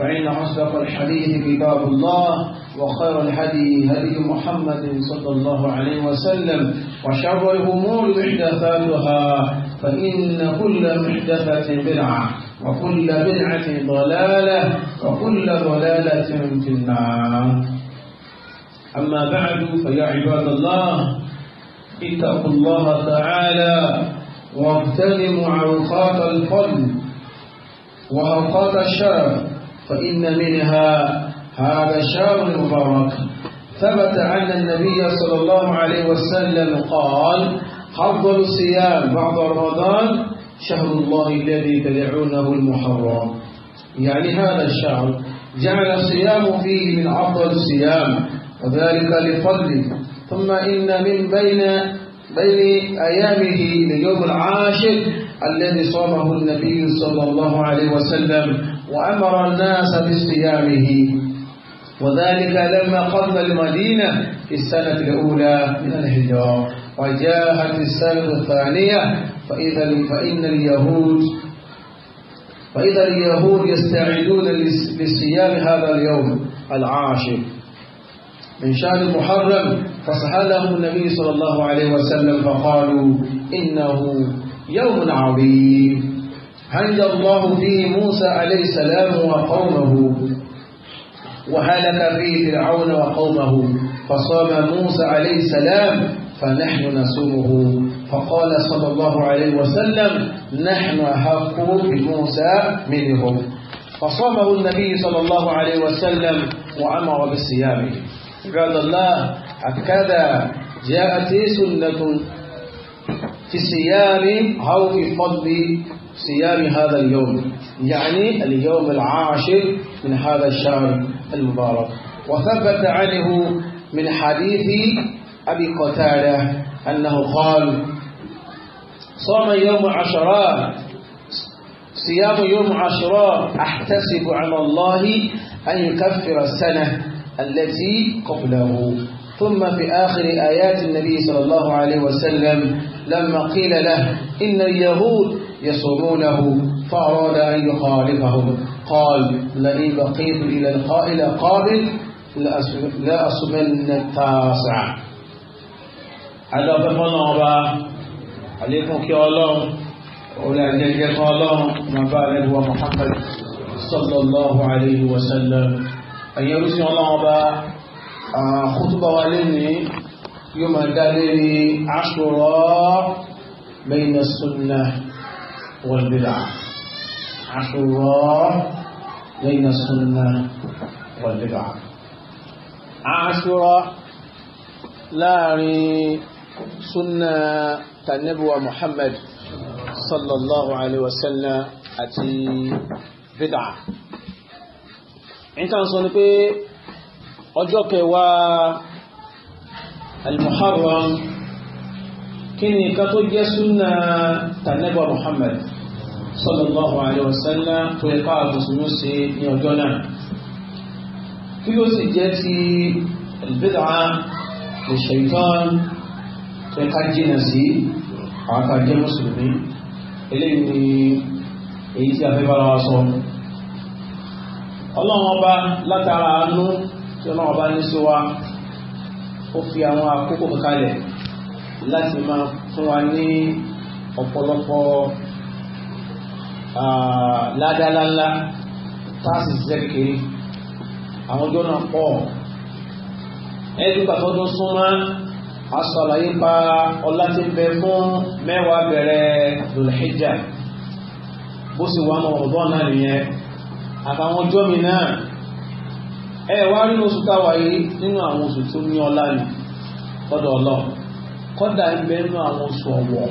فإن أصدق الحديث كتاب الله وخير الهدي هدي محمد صلى الله عليه وسلم وشر الأمور محدثاتها فإن كل محدثة بدعة وكل بدعة ضلالة وكل ضلالة في النار أما بعد فيا عباد الله اتقوا الله تعالى واغتنموا أوقات الفضل وأوقات الشرف فإن منها هذا شهر مبارك ثبت أن النبي صلى الله عليه وسلم قال أفضل الصيام بعد رمضان شهر الله الذي تدعونه المحرم يعني هذا الشهر جعل الصيام فيه من أفضل الصيام وذلك لفضله ثم إن من بين بين أيامه يوم العاشر الذي صامه النبي صلى الله عليه وسلم وأمر الناس بصيامه وذلك لما قدم المدينة في السنة الأولى من الهجرة وجاءت السنة الثانية فإذا فإن اليهود فإذا اليهود يستعدون لصيام هذا اليوم العاشر من شهر محرم فسألهم النبي صلى الله عليه وسلم فقالوا إنه يوم عظيم هنج الله فيه موسى عليه السلام وقومه وهلك فيه فرعون وقومه فصام موسى عليه السلام فنحن نصومه فقال صلى الله عليه وسلم نحن أحق بموسى منهم فصامه النبي صلى الله عليه وسلم وأمر بصيامه قال الله هكذا جاءت سنة في صيام أو في فضل صيام هذا اليوم يعني اليوم العاشر من هذا الشهر المبارك وثبت عنه من حديث أبي قتادة أنه قال صام يوم عشراء صيام يوم عشراء أحتسب على الله أن يكفر السنة التي قبله ثم في آخر آيات النبي صلى الله عليه وسلم لما قيل له إن اليهود يصومونه فأراد أن يخالفهم قال لئن بقيت إلى القائل قابل لأصمن التاسع هذا بفنا أبا عليكم كي الله ولا جل الله مبارك ومحمد صلى الله عليه وسلم أن يرسل الله أبا àkútúbà wa lè ní yóò máa dá lérí aṣòrọ̀ bayna sunnah wal bid'ah aṣòrọ̀ bayna sunnah wal bid'ah aṣòrọ̀ láàrin súnnà tànẹ́bùwà Muhammad sallallahu alaihi wasallam àti bid'ah. ìtàn sọ ni pé ọjọ́ kẹwàá al-muharram kí ni nǹkan tó jẹ́ súnà tànẹ́bà muhammad sallallahu alayhi wa sallam tó yẹ ká àbùsùnú sí ní ọjọ́ náà kí ló sì jẹ́ ti al-bid'a lè shaytan tó yẹ jìnà sí àwọn àjẹ́ eléyìí èyí tí a fẹ́ bára wa sọ ọlọ́run ọba látara àánú tí ọlọ́run bá ní sí wa ó fi àwọn àkókò kalẹ̀ láti máa fún wa ní ọ̀pọ̀lọpọ̀ ah, ládáláńlá táàsì ṣiṣẹ́ kékeré àwọn ọjọ́ náà pọ̀ ẹ̀ẹ́dùn pàtọ́dún súnmọ́ aṣọ pa ọlá tí ń bẹ fún mẹ́wàá bẹ̀rẹ̀ lòlẹ́jà bó sì wà mọ̀ ọ̀dọ́ náà nìyẹn àtàwọn ọjọ́ mi náà ẹ wá oṣù n'inu yìí nínú àwọn oṣù tó ní ọlá ni lọ́dọ̀ ọlọ́run kọ́dà ń bẹ nínú àwọn oṣù ọ̀wọ̀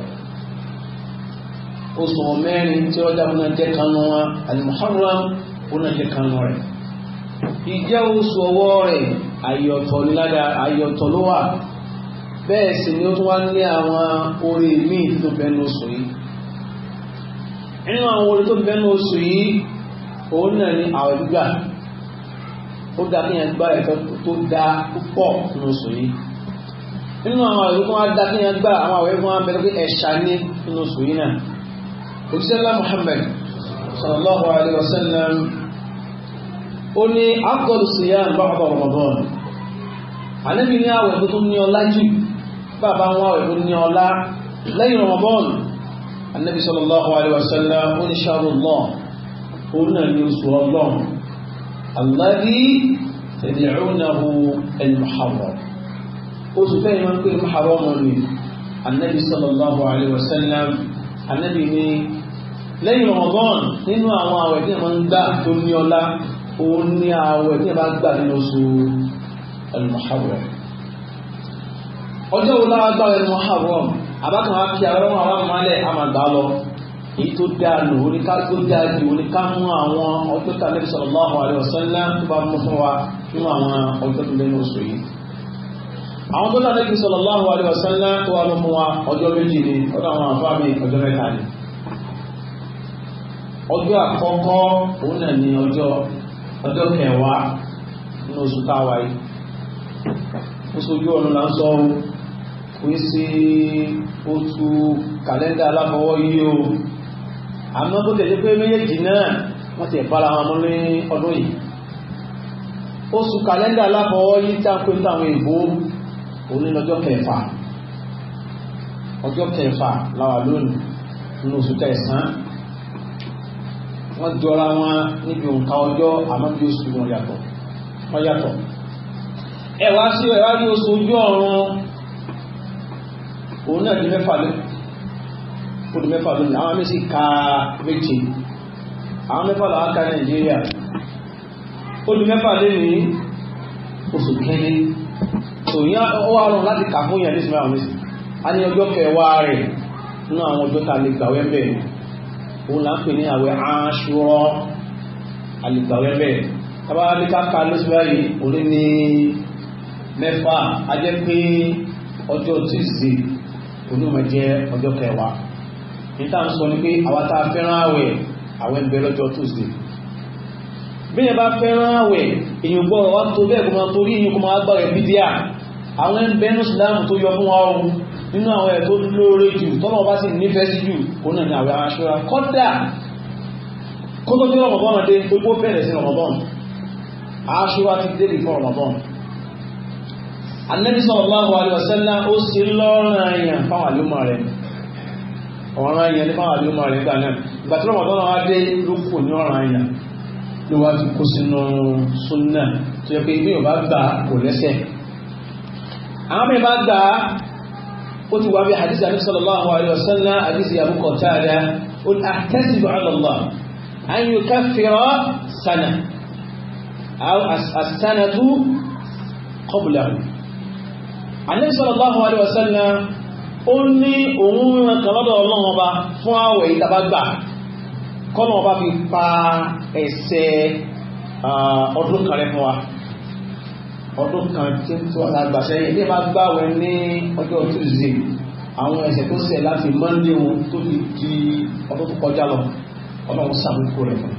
oṣù mẹ́rin tí ọjà fún jẹ́ kanu wa jẹ́ kanu rẹ̀ ìjẹ́ oṣù ọwọ́ rẹ̀ ayọ̀tọ̀ ló wà ni ó tún wá ní àwọn orí míì tó bẹnu oṣù yìí nínú àwọn tó oṣù yìí òun náà ni ó dá kí yẹn gbá ẹ̀tọ́ tó dá púpọ̀ nínú oṣù yìí nínú àwọn àwẹ̀ tó wá dá kí yẹn gbá àwọn àwẹ̀ tó wá bẹ̀rẹ̀ pé ẹ̀ṣà ní nínú oṣù yìí náà òjíṣẹ́lá Muhammad sallallahu alayhi wa sallam ó ní afdal siyam ba'da Ramadan àníbi ní àwẹ̀ tó ní ọlá jù bàbá wọn àwẹ̀ tó ní ọlá lẹ́yìn Ramadan àníbi sallallahu alayhi wa sallam ó ní shahru Allah òun náà ní oṣù ọlọ́run الذي تدعونه المحرم وسبحان من كل محرم من النبي صلى الله عليه وسلم النبي ني lẹ́yìn Ramadan nínú àwọn àwẹ̀ tí wọ́n ń gbà tó ní ọlá òun ní àwẹ̀ tí wọ́n gbà nínú oṣù al-Muharram ọjọ́ wo lára gbà al-Muharram àbákan wá kí àwọn ọmọ àwọn àmàlẹ̀ àmàgbà lọ èyí tó dáa lò ó ní ká tó dáa jù ó ní àwọn ọjọ́ tá a lè sallallahu alaihi wasallam tó bá mú fún wa nínú àwọn ọjọ́ tó lẹ́nu oṣù yìí. àwọn tó lánàá sallallahu alaihi wasallam tó wà mú wa ọjọ́ méjì ni ọjọ́ àwọn àǹfààní ọjọ́ mẹ́ta ni. ọjọ́ àkọ́kọ́ òun náà ni ọjọ́ ọjọ́ kẹwàá nínú oṣù táwa yìí. oṣù ojú ọ̀run là ń sọ ọ́ kò sí oṣù kàlẹ́ndà aláfọwọ́ yìí o àmọ́ bó tẹ̀lé pé méjèèjì náà wọ́n ti bára wọn mú ní ọdún yìí oṣù kàlẹ́ndà aláfọwọ́ yí táńkó táwọn ìbò òní lọ́jọ́ kẹfà ọjọ́ kẹfà láwà lónìí nínú oṣù kẹsàn-án wọ́n jọra wọn níbi òǹkà ọjọ́ àmọ́ bí oṣù wọn yàtọ̀ wọ́n yàtọ̀ ẹ̀wá sí ẹ̀wá ní oṣù ojú ọ̀run òun náà di mẹ́fà lẹ́kọ̀ọ́ fúdù mẹ́fà lónìí àwọn mẹ́sì ka méje àwọn mẹ́fà làwọn ka nàìjíríà mẹ́fà lónìí ya láti kà fún yẹn ní sinmi a ní ọjọ́ kẹwàá rẹ̀ nínú àwọn tá a lè gbàwẹ́ bẹ́ẹ̀ òun là ń pè ní àwẹ̀ Àṣúrà a lè gbàwẹ́ bẹ́ẹ̀ tábà ká ka a níta ń sọ ní pé àwa tá a fẹ́ràn àwẹ̀ àwẹ̀ ń bẹ lọ́jọ́ tuesday bí yẹn bá fẹ́ràn àwẹ̀ èyàn gbọ́ wa tó bẹ́ẹ̀ kó máa torí èyàn kó máa gbọ́ rẹ̀ bí díà àwọn ń bẹnu sílámù tó yọ fún wa ọ̀hún nínú àwọn ẹ̀ tó lóore jù tọ́lọ́ bá sì nífẹ̀ẹ́ sí jù kó náà ní àwẹ̀ aṣọra kọ́dà kó tó jẹ́ ọmọbọ́n dé gbogbo bẹ̀rẹ̀ sí ọmọbọ́n aṣọra ti dé bìfọ́ ọmọbọ́n Ànábì sallallahu alaihi wasallam ó sì lọ́rùn àyàn fáwọn àlùmọ̀ rẹ̀ ọ̀ràn yẹn ní fáwọn àdúgbò rẹ̀ gbà náà ìgbà tí wọ́n tọ́nà adé ló kù ní ọ̀ràn yẹn ló wá fi kó sínú súnà tó yẹ pé bí yóò bá gbà kò lẹ́sẹ̀ àwọn mi bá gbà ó ti wá bí hadith àbí sallallahu alaihi ó ní òun kan lọ́dọ̀ ọlọ́run ọba fún àwẹ̀ ìtàbágbà kọ́nà ọba fi pa ẹ̀ṣẹ̀ ọdún kan rẹ fún wa ọdún kan tí ń tó àgbà sẹ́yìn ilé máa gbàwẹ̀ ní ọjọ́ tuesday àwọn ẹ̀ṣẹ̀ tó ṣẹ̀ láti monday wọn tó fi di ọdún tó kọjá lọ ọlọ́run sàmúkú rẹ̀ fún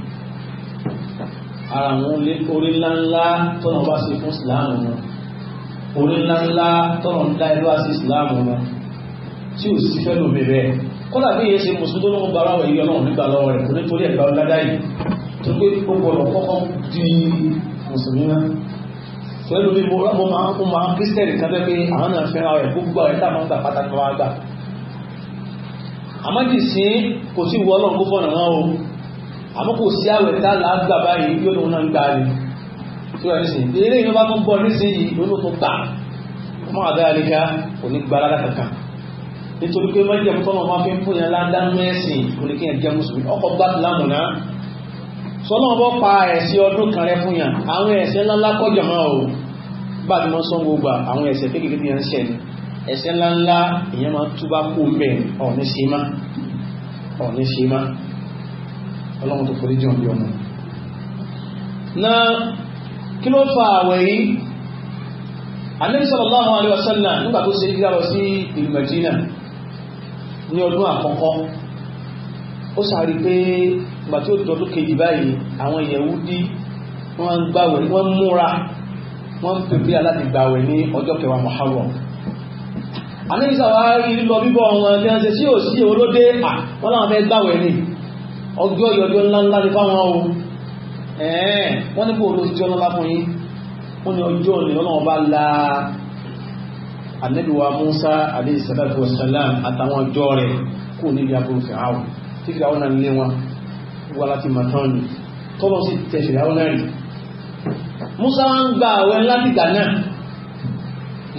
ara àwọn orí ńláńlá tọ́nà ọba ṣe fún ìsìláàmù wọn orí ńláńlá tọ́nà ń dá ẹlú àti ìsìláàmù wọn tí ò sí fẹ́ lómi rẹ̀ kọ́lá bí yẹn ṣe mùsùlùmí tó ló ń bara wẹ̀ yọ náà nígbà lọ́wọ́ rẹ̀ kò ní torí ẹ̀gbà ọ̀dá yìí tó pé ó gbọ́dọ̀ kọ́kọ́ di mùsùlùmí náà pẹ̀lú bí mo máa ń máa kírísítẹ̀rì kan pé àwọn náà fẹ́ràn rẹ̀ gbogbo àwọn ẹ̀ta máa ń gbà pátá ni wọ́n á náà o àmọ́ kò sí àwẹ̀ tá là á gbà báyìí yóò lóun náà ń gbà ni tí wọ́n ní sìn eré ìlú bá tún bọ̀ nísìnyí lónìí nítorí pé mọ́jẹ̀ tọ́nà máa fi ń fún yẹn ládánú ẹ̀sìn oníkíyàn jẹ́ mùsùlùmí ọkọ̀ gbáàtì lámùná sọ́nà ọbọ̀ pa ẹ̀sìn ọdún kan rẹ fún yàn àwọn ẹ̀sẹ̀ ńláńlá kọjọ máa ò bá ti mọ́ sán gbogbo àwọn ẹ̀sẹ̀ kékeré bí yẹn ń ṣẹ̀ ni ẹ̀sẹ̀ ńláńlá ìyẹn máa túbá kó mẹ́ ọ̀ní ṣe má ọ̀ní ṣe má ọlọ́run tó forí jọ̀ọ́ bí ọmọ na kí ló fa àwẹ̀ yìí Ànábì sallallahu alaihi wasallam nígbà tó ṣe ìgbà lọ sí ìlú ní ọdún àkọ́kọ́ ó sàárí pé ìgbà tí ó di ọdún kejì báyìí àwọn Yẹhudi wọ́n ń gbàwẹ̀ wọ́n múra wọ́n ń pèpè aláti gbàwẹ̀ ní ọjọ́ kẹwàá Muharram àníṣà wá rí lílọ bíbọ̀ wọn kí wọ́n ṣe sí òsì olóde à wọ́n láwọn fẹ́ gbàwẹ̀ ní ọjọ́ ìyọjọ́ ńláńlá ní fáwọn o ẹ̀ẹ́n wọ́n ní bò ló ti ọlọ́lá fún yín wọ́n ní ọjọ́ ìlú ọlọ́wọ́ bá la anabiwa musa alayhi salatu wa salam àtàwọn ọjọ́ rẹ̀ kú níbi aburú fìhàwù tí fìhàwù náà lé wọn wà láti màtán ni tọ́lọ́ sí tẹ fìhàwù náà rí musa wọn gba àwẹ̀ láti gbà náà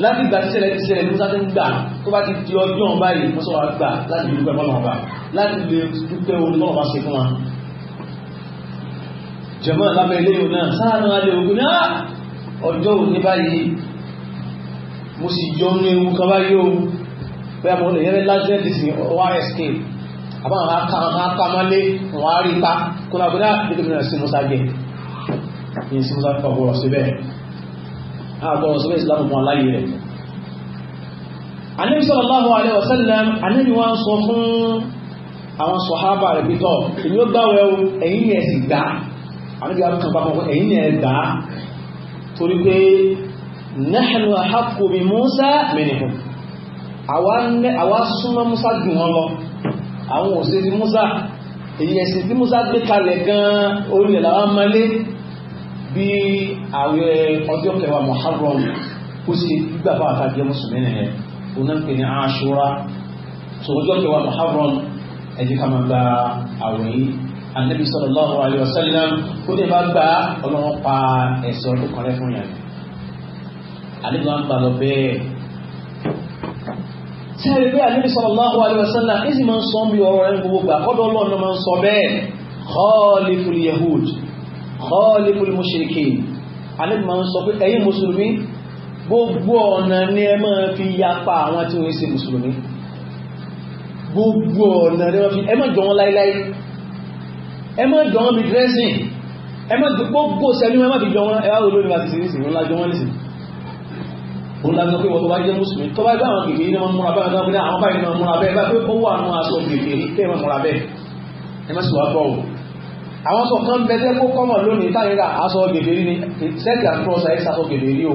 láti gbà sísẹ̀lẹ̀ musa ti ń gbà tó bá ti di ọjọ́ báyìí musa wà gbà láti lè dúpẹ́ fọlọ́ ọba láti lè dúpẹ́ orí fọlọ́ ọba ṣe fún wa jẹ̀mọ́ lábẹ́ ilé yòó náà sáà náà lè ogun náà ah! ọjọ́ òní báyìí mo sì yọnu ewu kan bá yóò bẹ́ẹ̀ mo èyẹ́ lásìlẹ̀ ti sìn ors k àbáwọn akámálé wọn á rí ipa kó náà gbọ́dá nítorí náà sí musa jẹ ní sí musa ọgbọ̀rọ̀ síbẹ̀ àgbọ̀rọ̀ síbẹ̀ ìsìlámù fún aláyé rẹ̀ Ànábì sallallahu alaihi wasallam Ànábì wọ́n sọ fún àwọn sọ̀hábà rẹ̀ pítọ̀ èyí ó gbáwẹ̀ ẹ̀yìn ẹ̀sìn gbá Ànábì wọ́n kàn bá mọ́ ẹ̀yìn ẹ̀ gbá torí pé nahnu ahaqqu bi Musa minhum àwa súnmọ́ Musa jù wọn lọ àwọn òṣè ti Musa èyí ẹ̀sìn tí Musa gbé kalẹ̀ gan-an orí ẹ̀ làwọn amalé bí àwẹ̀ ọjọ́ kẹwàá Muharram ó sì gbígbà bá àtàkì mùsùlùmí nìyẹn òun náà ń pè ní Ashura tó ọjọ́ kẹwàá Muharram ẹ̀jẹ̀ ká máa gba àwẹ̀ yìí anabi sallallahu alayhi wa sallam ó lè má gba ọlọ́wọ́ pa ẹ̀sẹ̀ ọdún kan rẹ̀ fún yàrá àníbi wọn bá lọ bẹ́ẹ̀. sẹ́ẹ̀rì pé àníbi sallallahu alaihi wasallam ẹ̀sìn máa ń sọ bí ọ̀rọ̀ ẹ̀ gbogbo gbà kọ́dọ̀ ọlọ́run máa ń sọ bẹ́ẹ̀ khaliful yahud khaliful mushrikin àníbi máa ń sọ pé ẹ̀yin mùsùlùmí gbogbo ọ̀nà ni ẹ máa fi yapa àwọn tí wọ́n ṣe mùsùlùmí gbogbo ọ̀nà ni wọ́n fi ẹ má jọ wọn láíláí ẹ má jọ wọn bí dressing gbogbo sẹ́ni wọn fi jọ wọn ẹ wá olórí wa ti ṣe ní ìsìn ńlá jọ wọn nísìnyí òun lábẹ́ pé wọ́n tó bá jẹ́ mùsùlùmí tó bá dáwọn kèké ní wọn múra bá wọn dáwọn àwọn báyìí náà múra bẹ́ẹ̀ bá pé ó wà nù aṣọ kèké ní tẹ́ wọn múra bẹ́ẹ̀ ẹ má sì wá gbọ́ o àwọn sọ kan bẹ tẹ́kọ́ kọ́mọ̀ lónìí táyẹ̀dá aṣọ kèké ní sẹ́ẹ̀tì àtúrọ̀sà ẹ̀ sàṣọ kèké ní o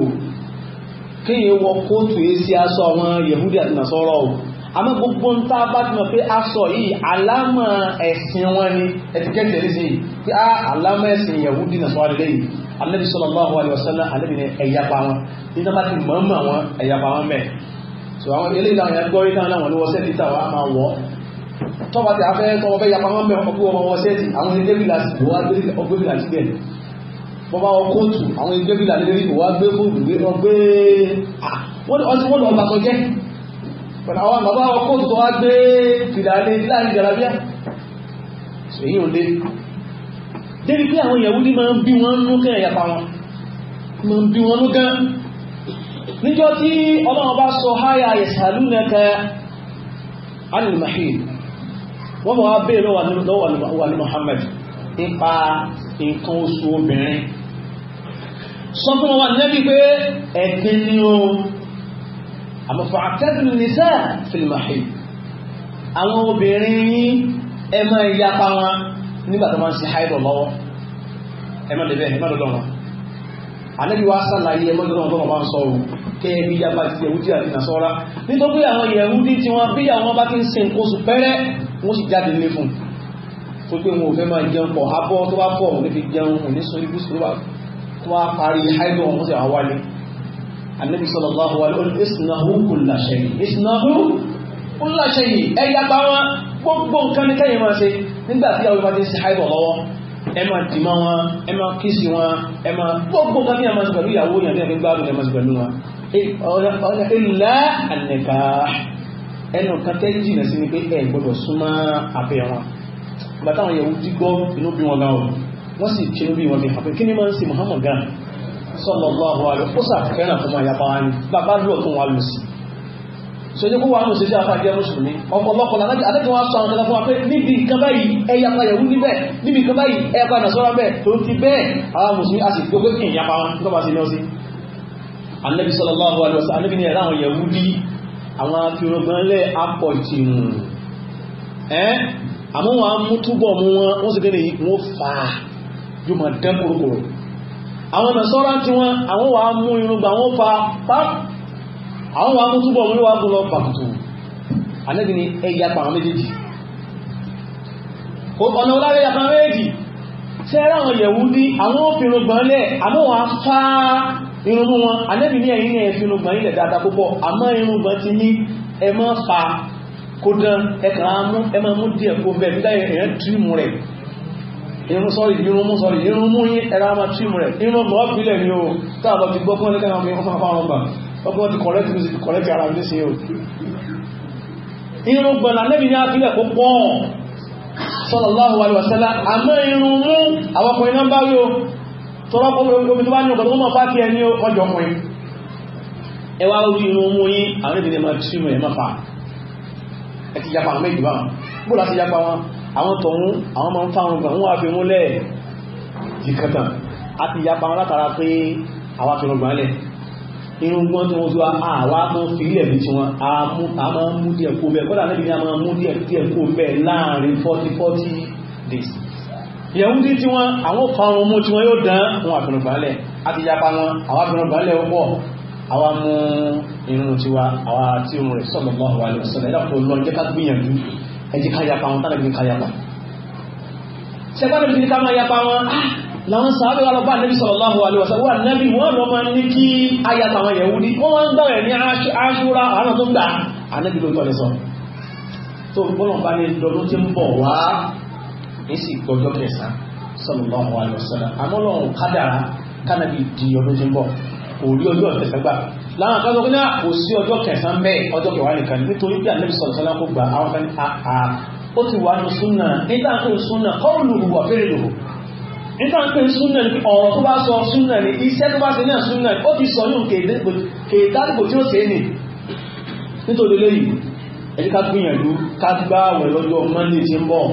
kéèyàn wọ kóòtù èsì aṣọ àwọn yẹ̀húdì àti nàṣọ́rọ̀ o àmọ́ gbogbo ń tá bá ti mọ̀ pé aṣọ yìí alámọ̀ ẹ̀sìn wọn ni ẹ̀tìkẹ́tì ẹ̀rí sí yìí pé á ah, alámọ̀ ẹ̀sìn ìyàwó dínà sọ́wọ́ lẹ́yìn alẹ́bí sallallahu alaihi wasallam alẹ́bí ni ẹ̀yapa wọn nígbà bá ti mọ̀ọ́mọ̀ wọn ẹ̀yapa wọn bẹ́ẹ̀ so àwọn ilé ìlànà yẹn gbọ́ ìtàn láwọn olówó sẹ́ẹ̀tì tà wá máa wọ̀ tọ́ba ti afẹ́ tọ́ba fẹ́ yapa wọn bẹ́ẹ̀ ọgbẹ́ ọmọ wọn sẹ́ẹ̀tì àwọn ilé gíláàsì wọ́n á gbé ọgbẹ́ gíláàsì bẹ́ẹ̀ bọ́bá pẹ̀lú àwọn bàbá wọn kó tó so gbé fìdálé láàrin jàlábíà èyí ò lé débi pé àwọn Yahudi máa ń bí wọn nú kẹ́ ẹ̀yàpá wọn máa ń bí wọn nú gan níjọ́ tí ọlọ́run bá sọ na ìsàlú nẹ́kẹ́ alìmọ̀hìn wọ́n bọ̀ wá bèèrè lọ́wọ́ alì Muhammad nípa nǹkan oṣù obìnrin sọ fún wọn nẹ́bí pé ni àmọ́ fàtẹ́dùn nìsẹ́ fìlìmọ̀hì àwọn obìnrin yín ẹ máa yapa wọn nígbà tó máa ń ṣe háìdọ̀ lọ́wọ́ ẹ má lébẹ̀ ẹ má lọ́dọ̀ wọn àlejò wa sàlàyé ẹ má lọ́dọ̀ wọn tó máa ń sọ o kẹ́ ẹ bí yapa ti yẹ̀wúdí àti nàṣọ́ra nítorí àwọn yẹ̀wúdí tí wọ́n bí àwọn bá ti ń sin oṣù pẹ́rẹ́ wọ́n sì jáde nílé fún tó pé wọn ò fẹ́ máa jẹun pọ̀ abọ́ tó bá pọ̀ wọn fi jẹun òní sọ ibùsùn tó bá parí háìdọ̀ wọn sì àwọn wálé النبي صلى الله عليه وسلم kulla كل شيء. kulla shay ẹ̀yà bá wọn gbogbo nǹkan ní kẹ́yìn máa ṣe nígbà tí àwọn ìbátan ṣe háìbọ̀ lọ́wọ́ ẹ máa dìmọ́ wọn ẹ máa kí sí wọn ẹ máa gbogbo nǹkan ní ẹ máa ṣe pẹ̀lú ìyàwó yẹn ní ẹ̀fín gbádùn ẹ máa ṣe pẹ̀lú wọn. ilà ànẹ̀ká ẹnu kan tẹ́ jìnà sí ni pé ẹ gbọ́dọ̀ súnmọ́ abẹ́ wọn bàtà wọn yẹ̀wò dígbọ́ inú bí wọn gan sallallahu alaihi ó sàfẹ́ràn fún ma yapa wani bàbá lò tún wà lò sí so ní kó wà lò sí sí àfà jẹ́ mùsùlùmí ọ̀pọ̀lọpọ̀ lànàjì adẹ́kùn wa sọ àwọn tẹ́lẹ̀ fún wa pé níbi nǹkan báyìí ẹ̀yà pa yẹ̀wú níbẹ̀ níbi nǹkan báyìí ẹ̀yà pa nàṣọ́rọ̀ bẹ́ẹ̀ tó ti bẹ́ẹ̀ àwọn mùsùlùmí a sì gbogbo kì í yapa wọn tó bá sí ní ọsí anabi sallallahu alaihi wasallam anabi ni ẹ̀rọ àwọn yẹ̀wú bí àwọn afirògbọ́n lẹ́ apọ̀ ìtìmù ẹ́ àmọ́ wọn mú túbọ̀ mú wọn wọ́n sì gẹ́lẹ̀ àwọn mẹ̀sọ́rá tí wọ́n àwọn wà mú irúgbà wọ́n fa páp àwọn wà mú túbọ̀ wọ́n wà gún lọ pàtàkì anẹ́bì ni ẹgbẹ́ apàwọn méjèèjì ọ̀nà oláwẹ́ apàwọn méjèèjì tẹ́ ráwọn yẹ̀wú ní àwọn òfinrùgbọ̀n lẹ̀ àmọ́ wọ́n fa irúgbọ́n wọn anẹ́bì ní ẹ̀yìn ẹ̀finrùgbọ̀n ilẹ̀ dáadáa púpọ̀ àmọ́ irúgbọ̀n ti ní ẹ má fa kódán ẹkàrà irun sọ́rì irun mú sọ́rì irun mú yí ẹ̀rọ àmà trim rẹ̀ irun mọ́ pílẹ̀ ni o táàbà ti gbọ́ fún ẹlẹ́kẹ́ àwọn ọmọ àwọn ọgbà ọgbọ́n ti correct music correct ara ní sí o irun gbọ̀nà lẹ́bi ní apílẹ̀ kó pọ̀ sallallahu alaihi wasallam àmọ́ irun mú àwọn ọkùnrin náà bá rí o tọrọ kọ́ omi tó bá ní ọgbọ̀n tó mọ̀ fáàkì ẹni ọjọ́ ọkùnrin ẹ wá orí irun mú yí àwọn ẹbí ni ẹ máa trim ẹ àwọn tọ̀hún àwọn máa ń fáwọn gan wọ́n wá fi mú lẹ̀ jìkàtà àti ìyapa wọn látara pé àwa fi rọgbà lẹ̀ irun gbọ́n tí wọ́n tó àwa tó fi ilẹ̀ bí tí wọ́n a máa ń mú díẹ̀ kó bẹ́ẹ̀ kọ́dà níbi ni a máa ń mú díẹ̀ kó bẹ́ẹ̀ láàrin 40 40 days yẹ̀húndí tí wọ́n àwọn fáwọn mú tí wọ́n yóò dán wọn àfihàn balẹ̀ àti ìyapa wọn àwọn àfihàn balẹ̀ ọ̀pọ̀ àwọn mú irun tiwa àwọn àti irun rẹ̀ sallallahu alaihi wasallam ẹ̀dàpọ̀ lọ jẹ́ ká gbìyànjú ẹ̀jẹ̀ ká yapa wọn tánàbí ká yapa sẹ́tàbí ká máa yapa wọn láwọn sàábẹ̀ kalau lọ́pàá Nabi Shallallahu alaihi wasallam wà nẹ́bí wọ́n lọ máa ní kí ayapa wọn Yahudi wọ́n wá ń gbà rẹ̀ ní aṣúra àwọn tó gbà ànẹ́bí ló tọ́lẹ̀ sọ tó gbọ́nà bá ní lọ́dún tí ń bọ̀ wá ní sì gbọ́jọ́ alaihi wasallam àmọ́ lọ́run kádàrá kánàbí di ọdún tí ń bọ̀ kò láwọn kan lọ́gbọ́n náà kò sí ọjọ́ kẹsàn-án bẹ́ẹ̀ ọjọ́ kẹwàá nìkan nítorí bí àlẹ́bí sọ̀rọ̀ sọ́lá kó gba àwọn kan àà ó ti wà ní súnà nígbà tó ń súnà kọ́ọ̀lù wà fẹ́rẹ̀ lò nígbà tó ń súnà ní ọ̀rọ̀ tó bá sọ súnà ní iṣẹ́ tó bá ṣe náà súnà ó ti sọ yóò kéèdárìkò tí ó ṣe nì nítorí lẹ́yìn ẹni ká gbìyànjú ká gbá lọ́jọ́ monday tí ń bọ̀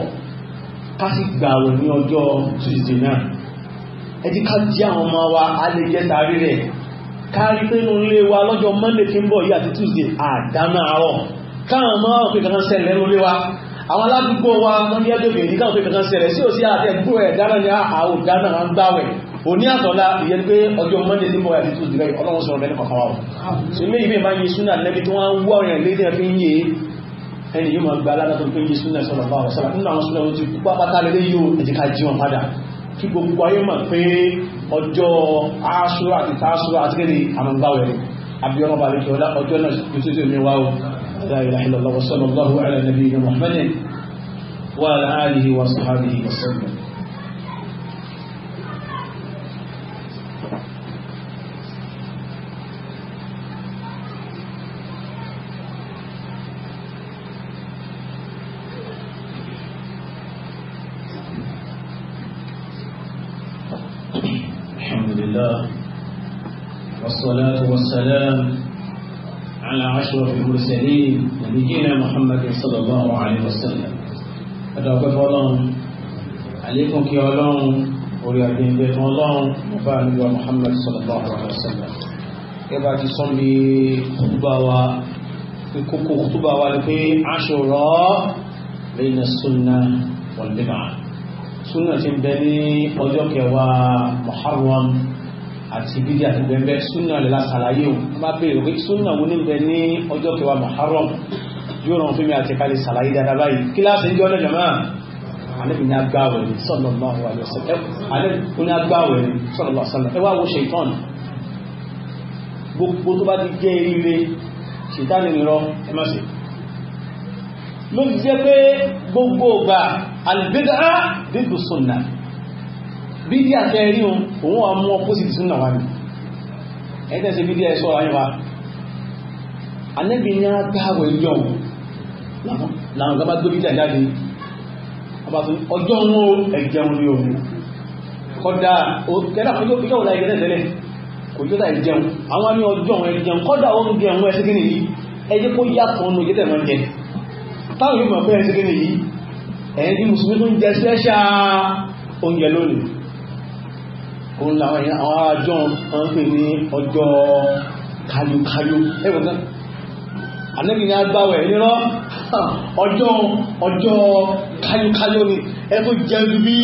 ká sì gbà ní ọjọ́ tuesday náà ẹni ká jí àwọn ọmọ wa á lè jẹ́ sáré rẹ̀ kárí pé inú ilé wa lọ́jọ́ monday tí ń bọ̀ yìí àti tuesday àdáná àárọ̀ káwọn máa wọ́n pé kankan ṣẹlẹ̀ nínú ilé wa àwọn aládùúgbò wa wọ́n ní ẹjọ́ bèèrè káwọn pé kankan ṣẹlẹ̀ sí òsì àti ẹ̀gbọ́ ẹ̀ dáná ni àwọn dáná à ń gbáwẹ̀ òní àtọ̀lá ìyẹn pé ọjọ́ monday tí ń bọ̀ yìí àti tuesday ọlọ́run sọ̀rọ̀ bẹ́ẹ̀ kankan wa o so ilé ìbí máa ń yin súnà lẹ́bi tí wọ́n ń wọ́ ọ̀rìn lé ẹni yóò máa gba aládàá tó ń pè yí súnà sọ̀rọ̀ bá ọ̀sán nínú àwọn súnà tó ti kú pápátá lélẹ́yìí ó ẹ̀jẹ̀ ká jí wọn padà kí gbogbo ayé mọ̀ pé ọjọ́ aṣúra àti tàṣúra àti kéde àmàbáwẹ̀ abiyọ́nà bàbá ìjọ ọjọ́ náà tó tó mi wá o la ilaha illallah wa sallallahu ala nabiyina muhammadin wa ala alihi الله والصلاة والسلام على أشرف المرسلين نبينا محمد صلى الله عليه وسلم أدعوك فلان عليكم كي أولون وليأتين بيت الله وفعل محمد صلى الله عليه وسلم كما تصلي خطبة و كوكو خطبة ولكي عشرة بين السنة والبدعة سنة بني أجوك ومحرم àti bídí àti bẹ́ẹ̀bẹ́ súnà lè lásàlàyé o bá bèèrè pé súnà wo ní bẹ ní ọjọ́ kẹwàá Muharram yóò rán fún mi àti kalẹ̀ sàlàyé dáadáa báyìí kíláàsì ní ọjọ́ jọmọ́ alẹ́bí ní agbáwẹ̀ ní sallallahu alaihi wasallam alẹ́bí ní agbáwẹ̀ ní sallallahu alaihi wasallam ẹ wá wo ṣètọ́n gbogbo bídíà tẹ́ rí òun òun wà mú opposite súnà wá ní ẹ̀tẹ́ sí bídíà ẹ̀ṣọ́ ayé wa anẹ́bí ní agbáwẹ̀ yọ̀n láwọn gbá gbé bídíà jáde ọjọ́ wọn ẹ̀jẹun ní òun kọ́dá kẹ́dà fún yóò fíkẹ́ òlà ẹ̀jẹ̀ tẹ́lẹ̀ kò yóò dá ẹ̀jẹun àwọn ní ọjọ́ wọn ẹ̀jẹun kọ́dá ó ń jẹ àwọn ẹ̀ṣẹ́ gíní yìí ẹjẹ́ kó yàtọ̀ ọ̀nà ìjẹ́tẹ̀ wọn jẹ táwọn yóò mọ̀ pé ẹ̀ṣẹ́ gíní yìí ẹ̀yẹ́ bí mùsùlùmí tó ń jẹ ṣẹ́ṣà oúnjẹ lónìí òun làwọn èèyàn àwọn àjọ wọn pè ní ọjọ́ kayokayo ẹgbẹ̀ta anẹ́bì ní agbáwẹ̀ nírọ́ ọjọ́ ọjọ́ kayokayo ni ẹ tó jẹ́ ju bí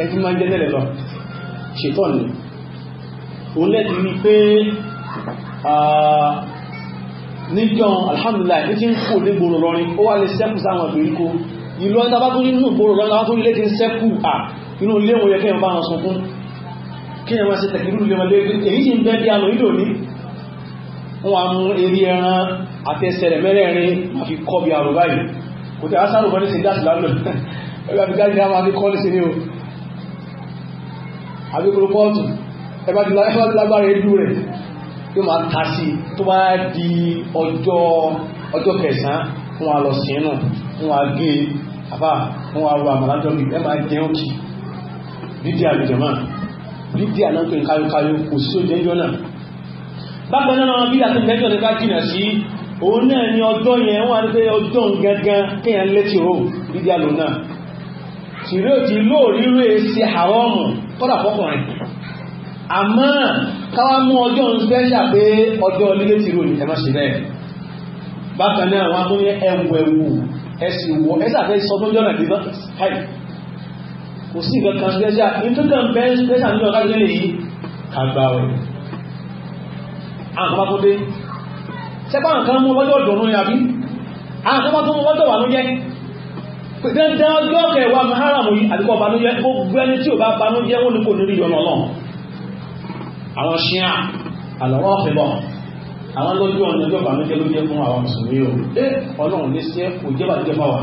ẹ ti máa jẹ́ nílẹ̀ lọ ṣètọ́ ni òun lẹ́ti rí pé níjọ́ alhamdulillah ní ti ń kò ní gbòòrò lọrin ó wà lè sẹ́kù sáwọn ìgbèríko ìlú ọjọ́ bá tó nínú gbòòrò lọrin láwọn tó lè ti ń sẹ́kù à inú ilé wọn yẹ kéèyàn bá wọn sọ fún kéèyàn máa ṣe tẹ̀kìrú lè wọn lé èyí sì ń bẹ́ bí alò ìdò ní wọn a mú eré ẹran àtẹsẹ̀rẹ̀ mẹ́rẹ̀ẹ̀rin ma fi kọ́ bí alò báyìí kò tẹ́ asáró bọ́ ní sí dáàsì lálọ́ ẹgbẹ́ àti dáàsì náà máa fi kọ́ a gé e. àbá wọn a wà màlájọ́ bí máa jẹun kìí lídíà lùjọ̀mọ́ lídíà náà pé káyókáyó kò sí oúnjẹ ìjọ náà bákan náà bí àti mẹ́jọ ní ká jìnà sí òun náà ni ọjọ́ yẹn wà ní pé ọjọ́ gangan kéèyàn létí o lídíà lò náà tìrí òtí lóòrírò èsì àwọ̀mù kọ́dà fọ́kùnrin àmọ́ káwá mú ọjọ́ ń fẹ́ ṣàpé ọjọ́ lílé tìrí òní ẹ̀mọ́ sí bẹ́ẹ̀ bákan náà wọn á mú ẹwù ẹwù ẹsì wọ ẹsà fẹ́ sọ jọ́nà kò sí ìkankan special ìtúkàn bẹ́ẹ̀ special nínú ọ̀gá ìlẹ́lẹ̀ yìí kàgbà rẹ̀ àkọ́kọ́dé sẹ́pà nǹkan mú ọjọ́ ìdùnnú yàbí àkọ́kọ́ tó mú ọjọ́ wà ló jẹ́ dandan ọjọ́ kẹwàá maharamu yìí àdúgbò banújẹ́ gbogbo ẹni tí ò bá banújẹ́ wọn ni kò nírí yọ lọ́nà àwọn ṣíà àlọ́wọ́ ọ̀fẹ́bọ̀ àwọn lójú ọ̀nà ọjọ́ banújẹ́ ló jẹ́ fún àwọn mùsùlùmí o ẹ ọlọ́run ní sí ẹ kò jẹ́ bàjẹ́ fáwọn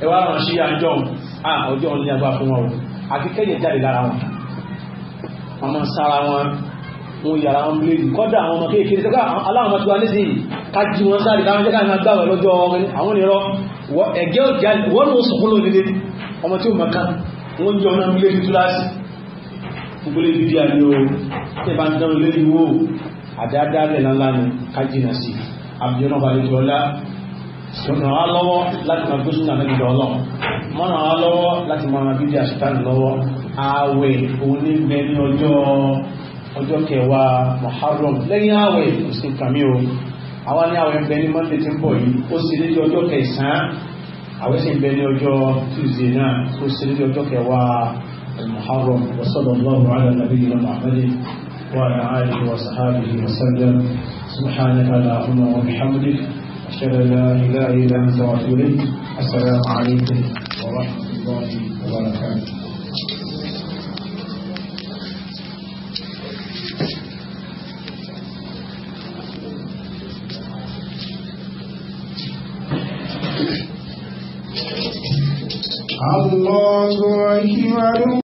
ẹ wá ràn sí àjọ à ọjọ́ òun ní agbára fún wọn o àti kẹ́yìn jáde lára wọn wọn máa sára wọn wọn yàrá wọn lédi kọ́dà àwọn ọmọ kéékèèrè sẹ́kọ́ aláwọn ọmọ tí wọ́n ní sí kájú wọn sáré káwọn jẹ́ káwọn gbà wọ́n lọ́jọ́ àwọn ìrọ ẹ̀gẹ́ òjá wọ́n ló sùn kúrò nílé ọmọ tí ó mọ̀ kan wọ́n jọ náà lédi túláàsì gbogbo lédi bí àní o tẹ́ bá ń dánwò lédi wó àdáadáa lẹ̀ lánlá ni kájínà sí àbíọ́nà balẹ̀ tó ọlá ràn á lọ́wọ́ láti máa gbé súnà lẹ́gbẹ̀ẹ́ ọlọ́run mọ́ ràn á lọ́wọ́ láti máa ràn bídí àṣetánì lọ́wọ́ ààwẹ̀ òun ní bẹ ní ọjọ́ ọjọ́ kẹwàá Muharram lẹ́yìn ààwẹ̀ kò sí nǹkan mi o àwa ní ààwẹ̀ ń bẹ ní Monday tí ń bọ̀ yìí ó sì ní ọjọ́ kẹsàn-án ààwẹ̀ sì ń bẹ ní ọjọ́ Tuesday náà ó sì ní ọjọ́ kẹwàá Muharram wa sallallahu ala nabiyyina Muhammadin أشهد أن لا إله إلا أنت رسولي السلام عليكم ورحمة الله وبركاته الله أكبر